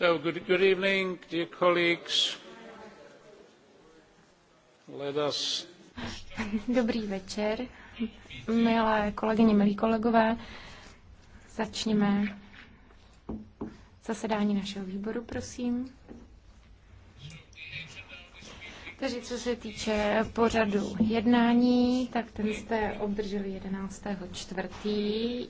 So, good, good evening, dear colleagues. Let us... Dobrý večer, milé kolegyně, milí kolegové. Začněme zasedání našeho výboru, prosím. Takže co se týče pořadu jednání, tak ten jste obdrželi 11. čtvrtý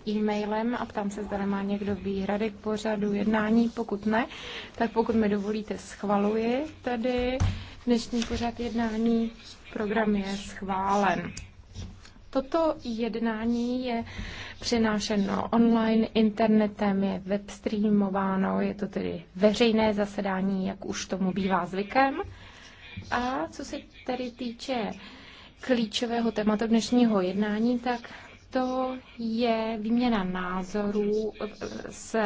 e-mailem a ptám se, zda má někdo výhrady k pořadu jednání. Pokud ne, tak pokud mi dovolíte, schvaluji tady dnešní pořad jednání. Program je schválen. Toto jednání je přenášeno online, internetem je webstreamováno, je to tedy veřejné zasedání, jak už tomu bývá zvykem. A co se tedy týče klíčového tématu dnešního jednání, tak to je výměna názorů s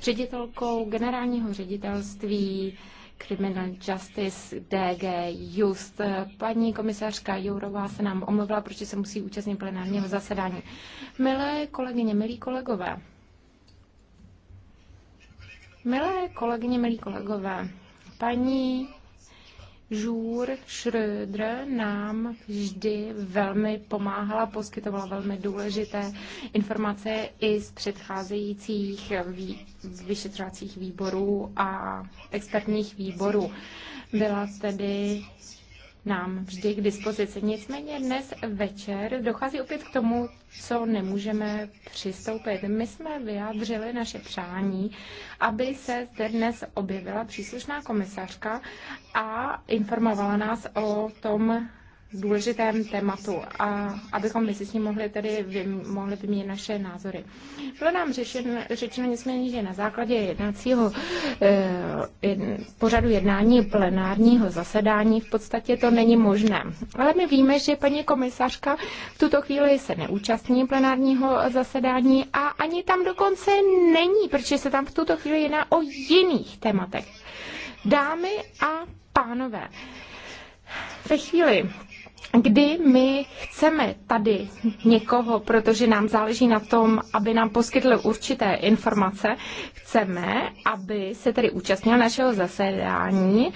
ředitelkou generálního ředitelství Criminal Justice DG Just. Paní komisařka Jourová se nám omluvila, protože se musí účastnit plenárního zasedání. Milé kolegyně, milí kolegové, milé kolegyně, milí kolegové, paní Žůr Schröder nám vždy velmi pomáhala, poskytovala velmi důležité informace i z předcházejících vyšetřovacích výborů a expertních výborů. Byla tedy nám vždy k dispozici. Nicméně dnes večer dochází opět k tomu, co nemůžeme přistoupit. My jsme vyjádřili naše přání, aby se zde dnes objevila příslušná komisařka a informovala nás o tom, důležitém tématu a abychom my si s ním mohli tedy vy, mohli vyměnit naše názory. Bylo nám řešen, řečeno nicméně, že na základě jednacího eh, jedn, pořadu jednání plenárního zasedání v podstatě to není možné. Ale my víme, že paní komisařka v tuto chvíli se neúčastní plenárního zasedání a ani tam dokonce není, protože se tam v tuto chvíli jedná o jiných tématech. Dámy a pánové, ve chvíli, kdy my chceme tady někoho, protože nám záleží na tom, aby nám poskytl určité informace, chceme, aby se tedy účastnil našeho zasedání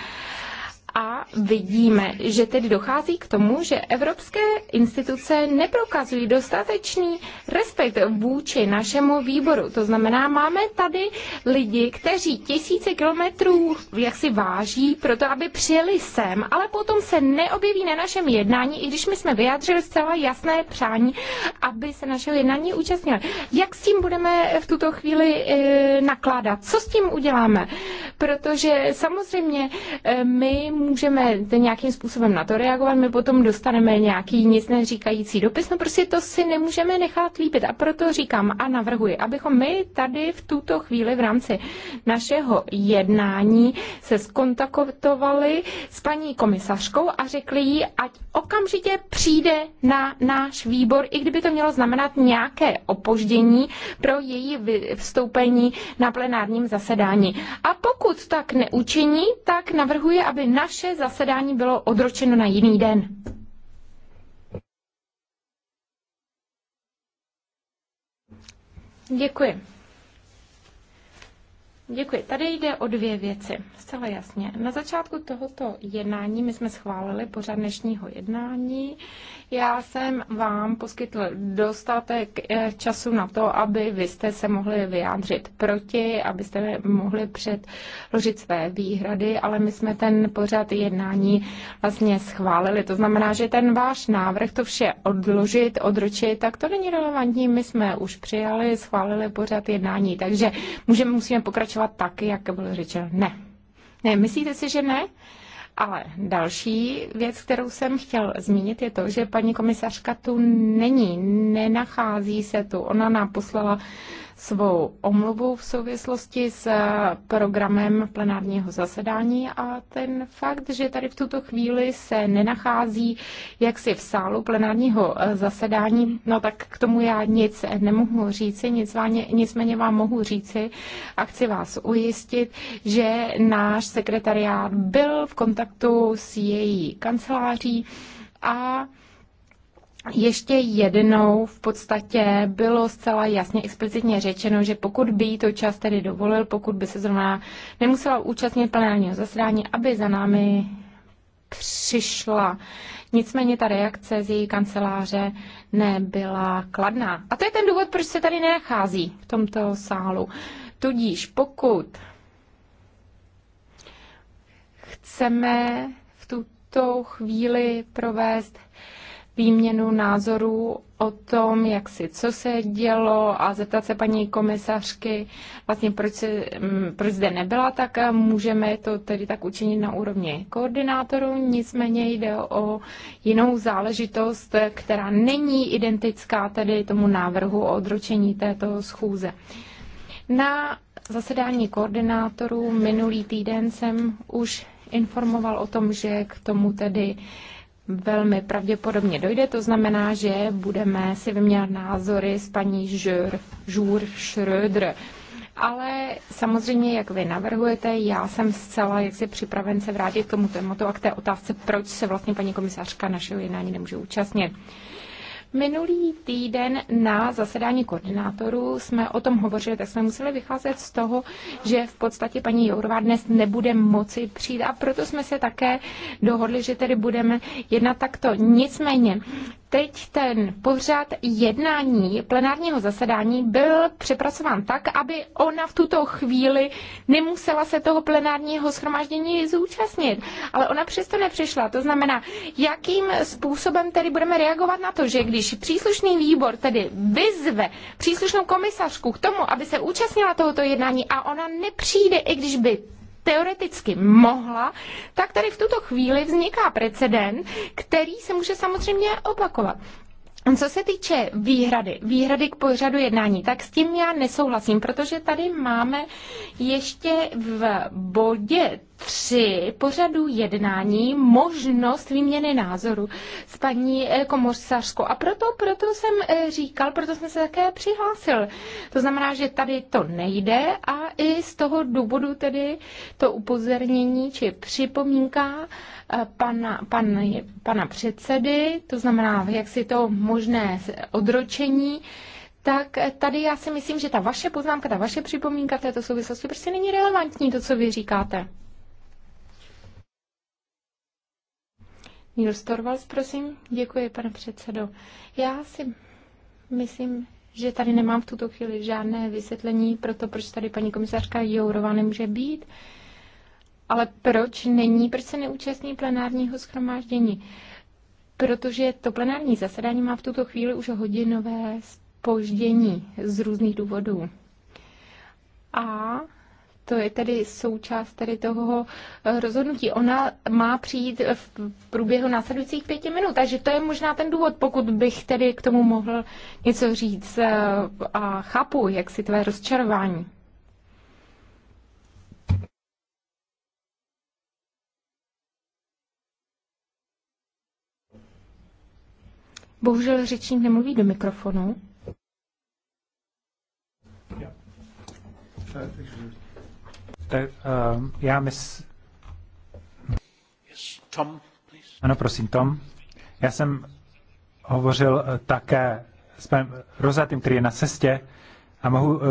a vidíme, že tedy dochází k tomu, že evropské instituce neprokazují dostatečný respekt vůči našemu výboru. To znamená, máme tady lidi, kteří tisíce kilometrů jaksi váží proto, aby přijeli sem, ale potom se neobjeví na našem jednání, i když my jsme vyjádřili zcela jasné přání, aby se našeho jednání účastnili. Jak s tím budeme v tuto chvíli e, nakládat? Co s tím uděláme? Protože samozřejmě e, my nemůžeme nějakým způsobem na to reagovat, my potom dostaneme nějaký nic neříkající dopis, no prostě to si nemůžeme nechat líbit. A proto říkám a navrhuji, abychom my tady v tuto chvíli v rámci našeho jednání se skontaktovali s paní komisařkou a řekli jí, ať okamžitě přijde na náš výbor, i kdyby to mělo znamenat nějaké opoždění pro její vstoupení na plenárním zasedání. A pokud tak neučiní, tak navrhuje, aby naš vaše zasedání bylo odročeno na jiný den. Děkuji. Děkuji. Tady jde o dvě věci, zcela jasně. Na začátku tohoto jednání my jsme schválili pořad dnešního jednání. Já jsem vám poskytl dostatek eh, času na to, aby vy jste se mohli vyjádřit proti, abyste mohli předložit své výhrady, ale my jsme ten pořad jednání vlastně schválili. To znamená, že ten váš návrh to vše odložit, odročit, tak to není relevantní. My jsme už přijali, schválili pořad jednání, takže můžeme, musíme pokračovat tak, jak bylo řečeno. Ne. Ne, myslíte si, že ne? Ale další věc, kterou jsem chtěl zmínit, je to, že paní komisařka tu není, nenachází se tu. Ona nám poslala svou omluvu v souvislosti s programem plenárního zasedání a ten fakt, že tady v tuto chvíli se nenachází jaksi v sálu plenárního eh, zasedání, no tak k tomu já nic nemohu říci, nicméně, nicméně vám mohu říci a chci vás ujistit, že náš sekretariát byl v kontaktu s její kanceláří a ještě jednou v podstatě bylo zcela jasně explicitně řečeno, že pokud by jí to čas tedy dovolil, pokud by se zrovna nemusela účastnit plenárního zasedání, aby za námi přišla. Nicméně ta reakce z její kanceláře nebyla kladná. A to je ten důvod, proč se tady nenachází v tomto sálu. Tudíž pokud chceme v tuto chvíli provést výměnu názorů o tom, jak si, co se dělo a zeptat se paní komisařky, vlastně proč, se, mm, proč zde nebyla, tak můžeme to tedy tak učinit na úrovni koordinátorů. Nicméně jde o jinou záležitost, která není identická tedy tomu návrhu o odročení této schůze. Na zasedání koordinátorů minulý týden jsem už informoval o tom, že k tomu tedy velmi pravděpodobně dojde. To znamená, že budeme si vyměnit názory s paní Žur, Žur Schröder. Ale samozřejmě, jak vy navrhujete, já jsem zcela jaksi připraven se vrátit k tomu tématu a k té otázce, proč se vlastně paní komisařka našeho jednání nemůže účastnit. Minulý týden na zasedání koordinátorů jsme o tom hovořili, tak jsme museli vycházet z toho, že v podstatě paní Jourová dnes nebude moci přijít a proto jsme se také dohodli, že tedy budeme jednat takto. Nicméně teď ten pořad jednání plenárního zasedání byl přepracován tak, aby ona v tuto chvíli nemusela se toho plenárního schromáždění zúčastnit. Ale ona přesto nepřišla. To znamená, jakým způsobem tedy budeme reagovat na to, že když příslušný výbor tedy vyzve příslušnou komisařku k tomu, aby se účastnila tohoto jednání a ona nepřijde, i když by teoreticky mohla, tak tady v tuto chvíli vzniká precedent, který se může samozřejmě opakovat. Co se týče výhrady, výhrady k pořadu jednání, tak s tím já nesouhlasím, protože tady máme ještě v bodě při pořadu jednání možnost výměny názoru s paní eh, komořsařkou. A proto, proto jsem eh, říkal, proto jsem se také přihlásil. To znamená, že tady to nejde a i z toho důvodu tedy to upozornění či připomínka eh, pana, pan, pana předsedy, to znamená, jak si to možné odročení, tak tady já si myslím, že ta vaše poznámka, ta vaše připomínka v této souvislosti prostě není relevantní, to, co vy říkáte. Nils Torvalds, prosím. Děkuji, pane předsedo. Já si myslím, že tady nemám v tuto chvíli žádné vysvětlení pro to, proč tady paní komisařka Jourová nemůže být. Ale proč není, proč se neúčastní plenárního schromáždění? Protože to plenární zasedání má v tuto chvíli už hodinové spoždění z různých důvodů. A to je tedy součást tedy toho eh, rozhodnutí. Ona má přijít v průběhu následujících pěti minut, takže to je možná ten důvod, pokud bych tedy k tomu mohl něco říct eh, a chápu, jak si tvé rozčarování. Bohužel řečník nemluví do mikrofonu. Yeah. Tak, uh, eh, já mys... Yes, Tom, please. Ano, prosím, Tom. Já jsem hovořil eh, také s panem Rozatým, který je na cestě a mohu uh,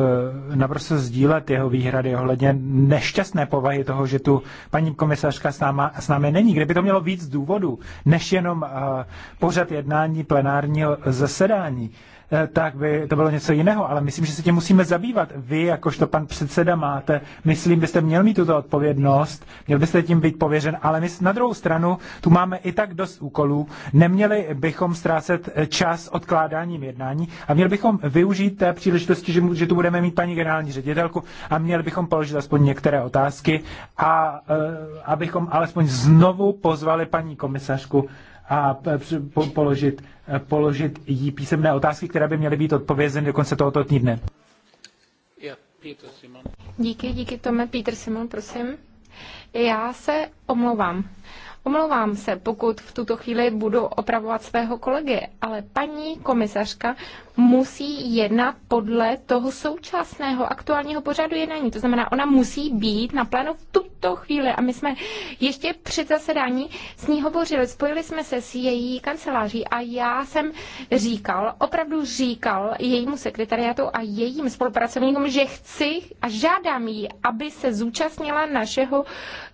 naprosto sdílet jeho výhrady ohledně nešťastné povahy toho, že tu paní komisařka s, náma, s námi není. Kdyby to mělo víc důvodu než jenom uh, pořad jednání plenárního zasedání. Eh, tak by to bylo něco jiného, ale myslím, že se tím musíme zabývat. Vy, jakožto pan předseda, máte, myslím, byste měl mít tuto odpovědnost, měl byste tím být pověřen, ale my na druhou stranu tu máme i tak dost úkolů, neměli bychom ztrácet eh, čas odkládáním jednání a měli bychom využít té příležitosti, že, že tu budeme mít paní generální ředitelku a měli bychom položit aspoň některé otázky a eh, abychom alespoň znovu pozvali paní komisařku a položit, eh, položit jí písemné otázky, které by měly být odpovězeny do konce tohoto týdne. Díky, díky Tome. Peter Simon, prosím. Já se omlouvám. Omlouvám se, pokud v tuto chvíli budu opravovat svého kolegy, ale paní komisařka musí jednat podle toho současného aktuálního pořadu jednání. To znamená, ona musí být na plénu v tu tuto chvíli a my jsme ještě před zasedání s ní hovořili, spojili jsme se s její kanceláří a já jsem říkal, opravdu říkal jejímu sekretariátu a jejím spolupracovníkům, že chci a žádám jí, aby se zúčastnila našeho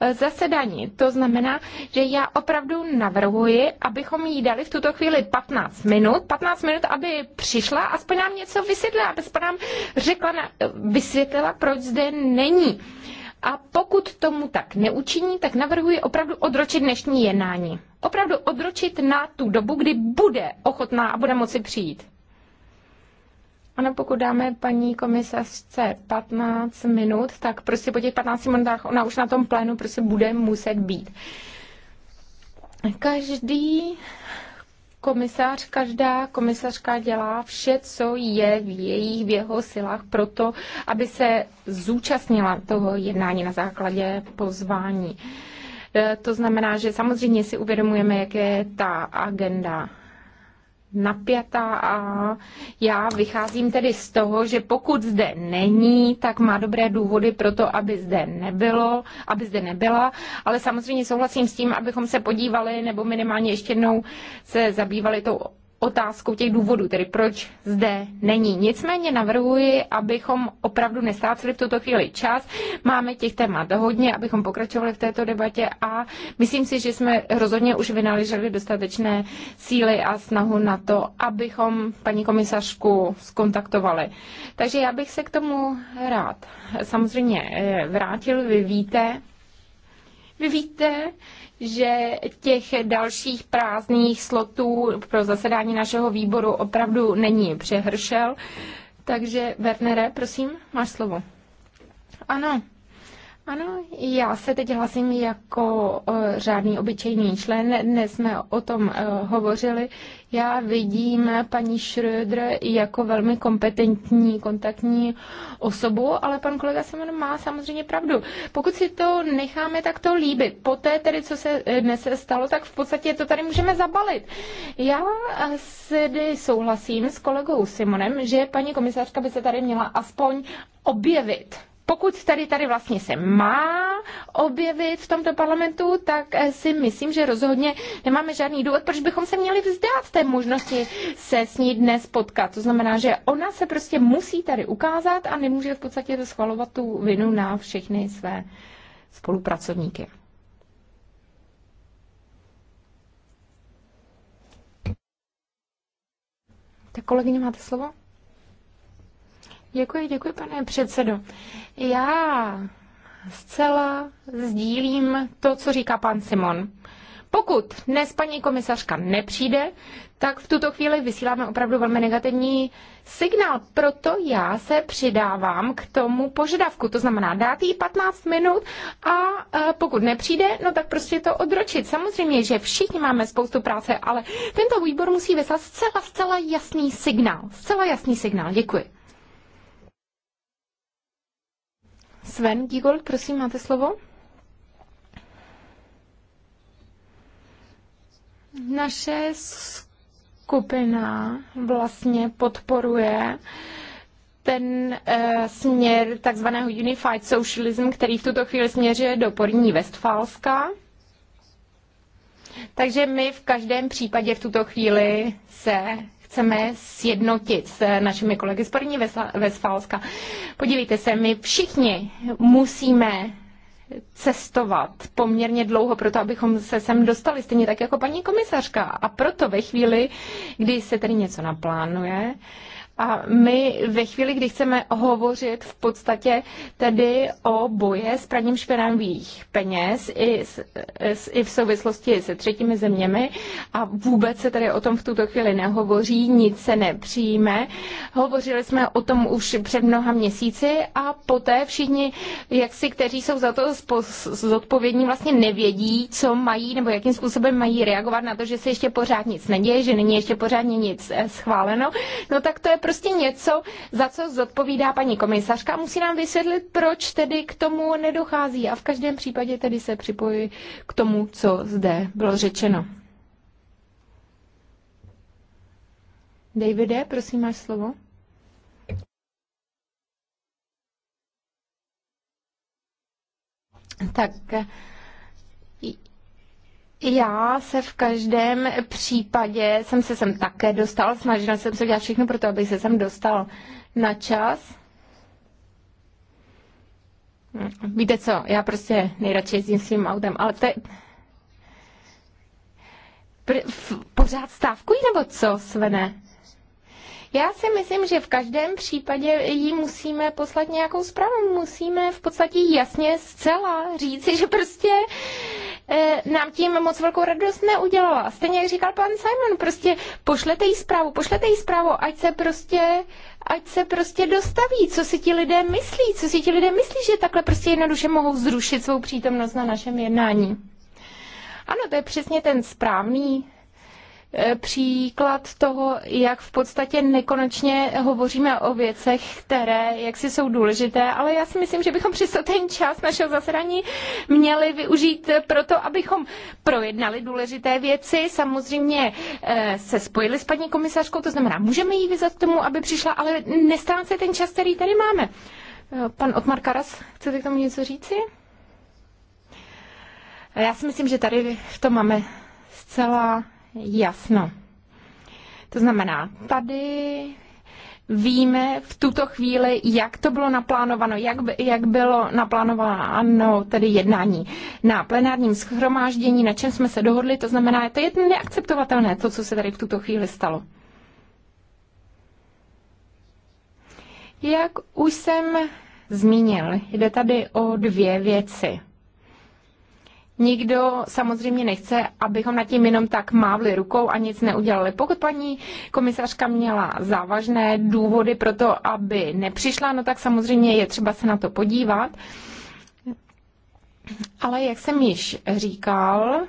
eh, zasedání. To znamená, že já opravdu navrhuji, abychom jí dali v tuto chvíli 15 minut, 15 minut, aby přišla, aspoň nám něco vysvětlila, aby nám řekla, eh, vysvětlila, proč zde není. A pokud tomu tak neučiní, tak navrhuji opravdu odročit dnešní jednání. Opravdu odročit na tu dobu, kdy bude ochotná a bude moci přijít. Ano, pokud dáme paní komisařce 15 minut, tak prostě po těch 15 minutách ona už na tom plénu prostě bude muset být. Každý komisářka každá komisařka dělá vše, co je v jejich, v jeho silách pro to, aby se zúčastnila toho jednání na základě pozvání. E, to znamená, že samozřejmě si uvědomujeme, jak je ta agenda napjatá a já vycházím tedy z toho, že pokud zde není, tak má dobré důvody pro to, aby zde nebylo, aby zde nebyla, ale samozřejmě souhlasím s tím, abychom se podívali nebo minimálně ještě jednou se zabývali tou otázkou těch důvodů, tedy proč zde není. Nicméně navrhuji, abychom opravdu nestáceli v tuto chvíli čas. Máme těch témat hodně, abychom pokračovali v této debatě a myslím si, že jsme rozhodně už vynaleželi dostatečné síly a snahu na to, abychom paní komisařku skontaktovali. Takže já bych se k tomu rád samozřejmě eh, vrátil. Vy víte, vy víte, že těch dalších prázdných slotů pro zasedání našeho výboru opravdu není přehršel. Takže, Wernere, prosím, máš slovo. Ano, ano, já se teď hlasím jako eh, řádný obyčejný člen. Dnes jsme o tom eh, hovořili. Já vidím paní Schröder jako velmi kompetentní kontaktní osobu, ale pan kolega Simon má samozřejmě pravdu. Pokud si to necháme takto líbit, poté tedy, co se eh, dnes stalo, tak v podstatě to tady můžeme zabalit. Já tedy souhlasím s kolegou Simonem, že paní komisařka by se tady měla aspoň objevit pokud tady, tady vlastně se má objevit v tomto parlamentu, tak si myslím, že rozhodně nemáme žádný důvod, proč bychom se měli vzdát té možnosti se s ní dnes potkat. To znamená, že ona se prostě musí tady ukázat a nemůže v podstatě schvalovat tu vinu na všechny své spolupracovníky. Tak kolegyně, máte slovo? Děkuji, děkuji, pane předsedo. Já zcela sdílím to, co říká pan Simon. Pokud dnes paní komisařka nepřijde, tak v tuto chvíli vysíláme opravdu velmi negativní signál. Proto já se přidávám k tomu požadavku. To znamená dát jí 15 minut a e, pokud nepřijde, no tak prostě to odročit. Samozřejmě, že všichni máme spoustu práce, ale tento výbor musí vyslat zcela, zcela jasný signál. Zcela jasný signál. Děkuji. Sven Gigol, prosím, máte slovo. Naše skupina vlastně podporuje ten e, směr takzvaného Unified Socialism, který v tuto chvíli směřuje do Porní Westfalska. Takže my v každém případě v tuto chvíli se chceme sjednotit s eh, našimi kolegy z Porní Vesfalska. Podívejte se, my všichni musíme cestovat poměrně dlouho proto, abychom se sem dostali, stejně tak jako paní komisařka. A proto ve chvíli, kdy se tedy něco naplánuje, a my ve chvíli, kdy chceme hovořit v podstatě tedy o boje s praním špinavých peněz i, s, i v souvislosti se třetími zeměmi a vůbec se tady o tom v tuto chvíli nehovoří, nic se nepřijme. Hovořili jsme o tom už před mnoha měsíci a poté všichni, jak si, kteří jsou za to zodpovědní, vlastně nevědí, co mají nebo jakým způsobem mají reagovat na to, že se ještě pořád nic neděje, že není ještě pořádně nic eh, schváleno. No tak to je prostě něco, za co zodpovídá paní komisařka. Musí nám vysvětlit, proč tedy k tomu nedochází. A v každém případě tedy se připojí k tomu, co zde bylo řečeno. Davide, prosím, máš slovo. Tak já se v každém případě jsem se sem také dostal, snažila jsem se dělat všechno pro to, abych se sem dostal na čas. Víte co, já prostě nejradši jezdím svým autem, ale to je... Pořád stávkují nebo co, Svene? Já si myslím, že v každém případě jí musíme poslat nějakou zprávu. Musíme v podstatě jasně zcela říci, že prostě E, nám tím moc velkou radost neudělala. Stejně jak říkal pan Simon, prostě pošlete jí zprávu, pošlete jí zprávu, ať se prostě ať se prostě dostaví, co si ti lidé myslí, co si ti lidé myslí, že takhle prostě jednoduše mohou zrušit svou přítomnost na našem jednání. Ano, to je přesně ten správný E, příklad toho, jak v podstatě nekonečně hovoříme o věcech, které jak si jsou důležité, ale já si myslím, že bychom přesto ten čas našeho zasedání měli využít pro to, abychom projednali důležité věci. Samozřejmě e, se spojili s paní komisařkou, to znamená, můžeme jí vyzvat k tomu, aby přišla, ale nestrácet ten čas, který tady máme. E, pan Otmar Karas, chcete k tomu něco říci? Já si myslím, že tady v tom máme zcela jasno. To znamená, tady víme v tuto chvíli, jak to bylo naplánováno, jak, by jak bylo naplánováno tedy jednání na plenárním schromáždění, na čem jsme se dohodli, to znamená, je to je neakceptovatelné, to, co se tady v tuto chvíli stalo. Jak už jsem zmínil, jde tady o dvě věci. Nikdo samozřejmě nechce, abychom nad tím jenom tak mávli rukou a nic neudělali. Pokud paní komisařka měla závažné důvody pro to, aby nepřišla, no tak samozřejmě je třeba se na to podívat. Ale jak jsem již říkal,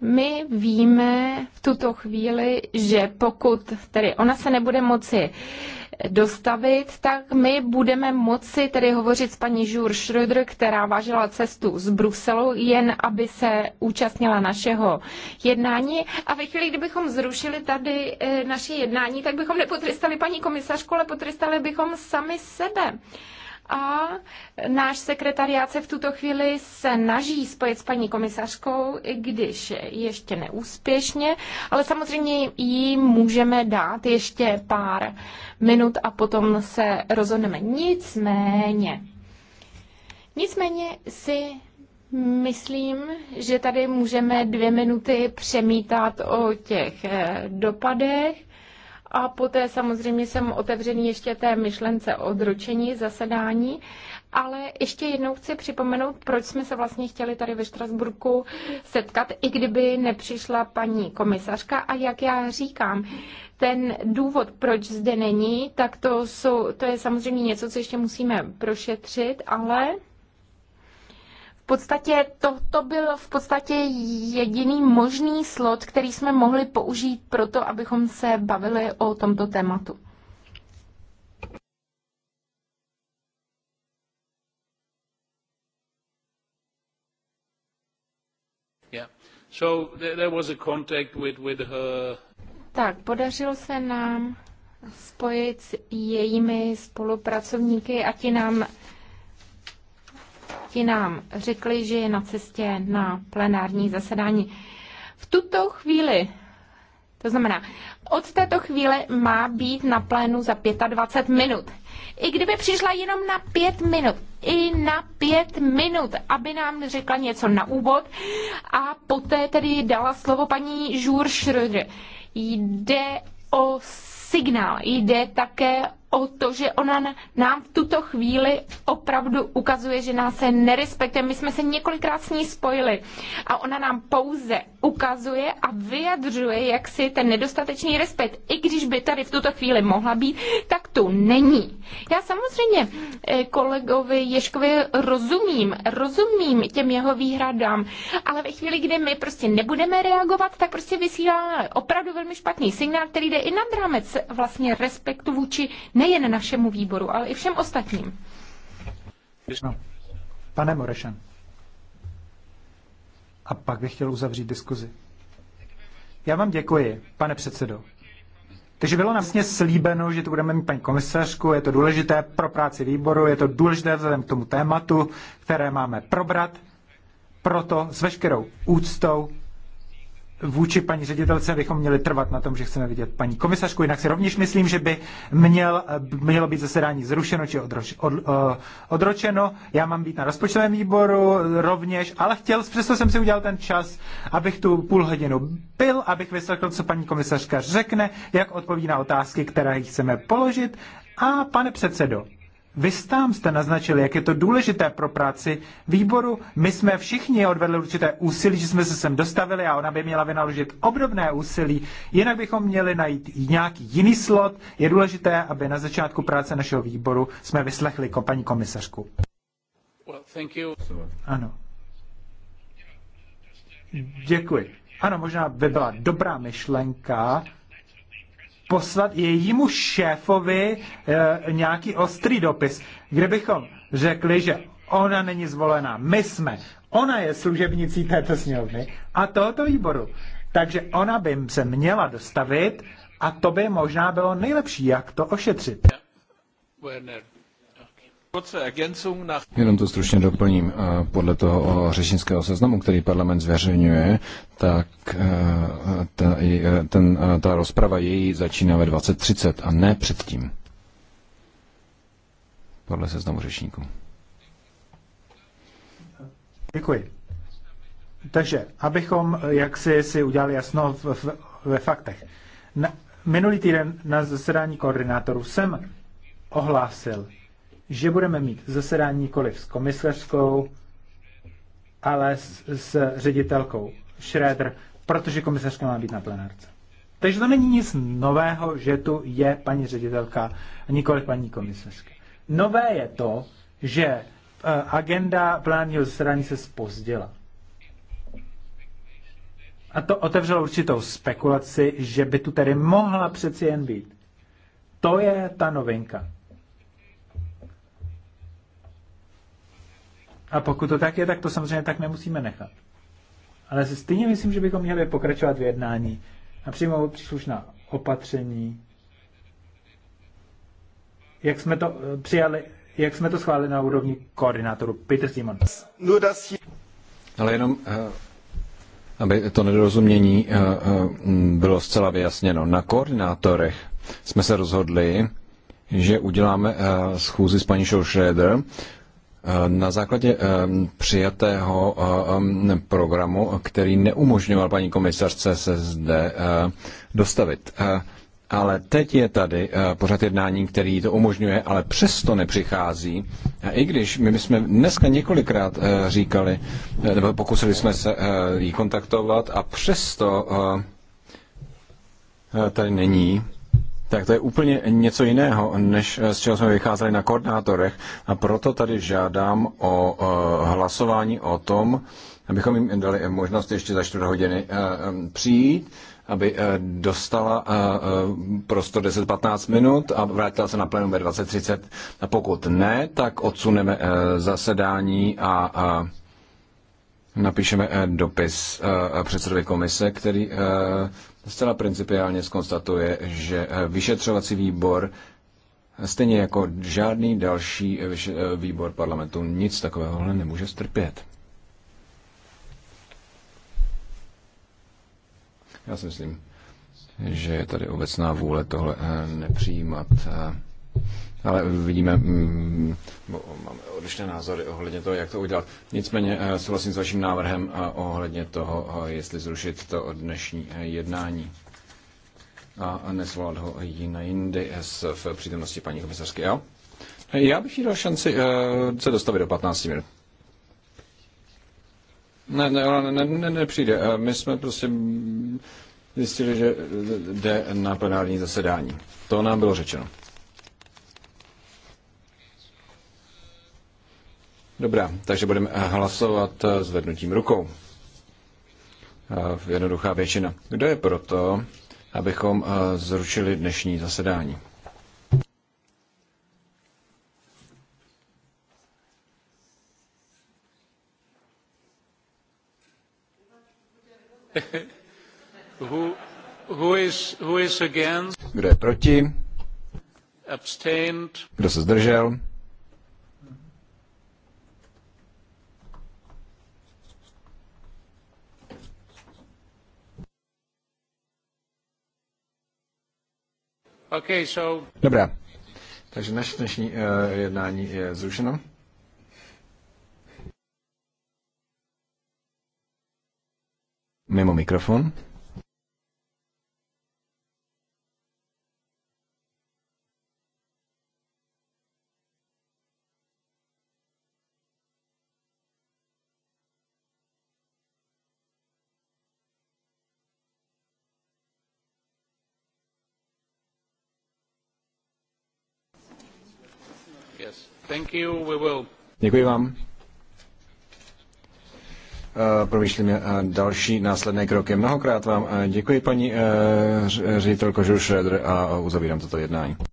my víme v tuto chvíli, že pokud tedy ona se nebude moci uh, dostavit, tak my budeme moci tedy hovořit s paní Žur Schröder, která vážila cestu z Bruselu, jen aby se účastnila našeho jednání. A ve chvíli, kdybychom zrušili tady e, naše jednání, tak bychom nepotrestali paní komisařku, ale potrestali bychom sami sebe a náš sekretariát se v tuto chvíli snaží spojit s paní komisařkou, i když ještě neúspěšně, ale samozřejmě jí můžeme dát ještě pár minut a potom se rozhodneme. Nicméně, nicméně si Myslím, že tady můžeme dvě minuty přemítat o těch eh, dopadech a poté samozřejmě jsem otevřený ještě té myšlence o odročení zasedání. Ale ještě jednou chci připomenout, proč jsme se vlastně chtěli tady ve Štrasburku setkat, i kdyby nepřišla paní komisařka. A jak já říkám, ten důvod, proč zde není, tak to, jsou, to je samozřejmě něco, co ještě musíme prošetřit, ale podstatě to, to byl v podstatě jediný možný slot, který jsme mohli použít pro to, abychom se bavili o tomto tématu. So there was a contact with, with her. Tak, podařilo se nám spojit s jejími spolupracovníky a ti nám ti nám řekli, že je na cestě na plenární zasedání. V tuto chvíli, to znamená, od této chvíle má být na plénu za 25 minut. I kdyby přišla jenom na pět minut, i na pět minut, aby nám řekla něco na úvod a poté tedy dala slovo paní Žur Schröder. Jde o signál, jde také o to, že ona nám v tuto chvíli opravdu ukazuje, že nás se nerespektuje. My jsme se několikrát s ní spojili a ona nám pouze ukazuje a vyjadřuje, jak si ten nedostatečný respekt, i když by tady v tuto chvíli mohla být, tak tu není. Já samozřejmě eh, kolegovi Ješkovi rozumím, rozumím těm jeho výhradám, ale ve chvíli, kdy my prostě nebudeme reagovat, tak prostě vysíláme opravdu velmi špatný signál, který jde i nad rámec vlastně respektu vůči nejen našemu výboru, ale i všem ostatním. No. Pane Morešan. A pak bych chtěl uzavřít diskuzi. Já vám děkuji, pane předsedo. Takže bylo vlastně slíbeno, že tu budeme mít paní komisařku, je to důležité pro práci výboru, je to důležité vzhledem k tomu tématu, které máme probrat. Proto s veškerou úctou vůči paní ředitelce bychom měli trvat na tom, že chceme vidět paní komisařku. Jinak si rovněž myslím, že by měl, mělo být zasedání zrušeno či odroč, od, eh, odročeno. Já mám být na rozpočtovém výboru rovněž, ale chtěl, přesto jsem si udělal ten čas, abych tu půl hodinu byl, abych vyslechl, co paní komisařka řekne, jak odpoví na otázky, které chceme položit. A pane předsedo, vy sám jste naznačil, jak je to důležité pro práci výboru. My jsme všichni odvedli určité úsilí, že jsme se sem dostavili a ona by měla vynaložit obdobné úsilí. Jinak bychom měli najít nějaký jiný slot. Je důležité, aby na začátku práce našeho výboru jsme vyslechli paní komisařku. Well, thank you. Ano. Děkuji. Ano, možná by byla dobrá myšlenka, poslat jejímu šéfovi e, nějaký ostrý dopis, kde bychom řekli, že ona není zvolená, my jsme, ona je služebnicí této sněmovny a tohoto výboru. Takže ona by se měla dostavit a to by možná bylo nejlepší, jak to ošetřit. Yeah. Jenom to stručně doplním. Podle toho řečnického seznamu, který parlament zveřejňuje, tak e, ta, e, ten, e, ta rozprava její začíná ve 20.30 a ne předtím. Podle seznamu řečníků. Děkuji. Takže, abychom jaksi si udělali jasno v, v, ve faktech. Na, minulý týden na zasedání koordinátorů jsem ohlásil, že budeme mít zasedání nikoli s komisařskou, ale s, s ředitelkou Schroeder, protože komisařka má být na plenárce. Takže to není nic nového, že tu je paní ředitelka, nikoli paní komisařka. Nové je to, že e, agenda plenárního zasedání se spozdila. A to otevřelo určitou spekulaci, že by tu tedy mohla přeci jen být. To je ta novinka. A pokud to tak je, tak to samozřejmě tak nemusíme nechat. Ale stejně myslím, že bychom měli pokračovat v jednání a přijmout příslušná opatření, jak jsme to eh, přijali, jak jsme to schválili na úrovni koordinátoru. Peter Simon. No, Ale jenom, eh, aby to nedorozumění eh, bylo zcela vyjasněno. Na koordinátorech jsme se rozhodli, že uděláme schůzi s paní Schroeder na základě eh, přijatého eh, eh, programu, který neumožňoval paní komisařce se zde dostavit. Ale teď je tady pořád jednání, který to umožňuje, ale přesto nepřichází. I když my jsme dneska několikrát říkali, nebo pokusili jsme se jí kontaktovat a přesto tady není tak to je úplně něco jiného, než eh, z čeho jsme vycházeli na koordinátorech. A proto tady žádám o eh, hlasování o tom, abychom jim dali možnost ještě za čtvrt hodiny eh, přijít, aby dostala prostor 10-15 minut a vrátila se na plénum ve 20.30. A pokud ne, tak odsuneme zasedání a napíšeme eh, dopis eh, předsedovi komise, který eh, zcela principiálně skonstatuje, že vyšetřovací výbor stejně jako žádný další výbor parlamentu nic takového nemůže strpět. Já si myslím, že je tady obecná vůle tohle nepřijímat ale vidíme, mm, máme odlišné názory ohledně toho, jak to udělat. Nicméně eh, souhlasím s vaším návrhem eh, ohledně toho, eh, jestli zrušit to dnešní jednání a nesvolat ho na jindy v přítomnosti paní komisařky. Jo? Já bych jí dal šanci se dostavit do 15 minut. Ne, ne, ona ne, ne, nepřijde. My jsme prostě zjistili, že jde na plenární zasedání. To nám bylo řečeno. Dobrá, takže budeme hlasovat eh, zvednutím rukou. Eh, jednoduchá většina. Kdo je proto, abychom eh, zrušili dnešní zasedání? who, who is, who is against? Kdo je proti? Abstained. Kdo se zdržel? Okay, so... Dobrá. Takže naše dnešní uh, jednání je zrušeno. Mimo mikrofon. Děkuji vám. Eh, Promýšlíme eh, další následné kroky. Mnohokrát vám eh, děkuji, paní ředitelko Žilšredr, a uzavírám toto jednání.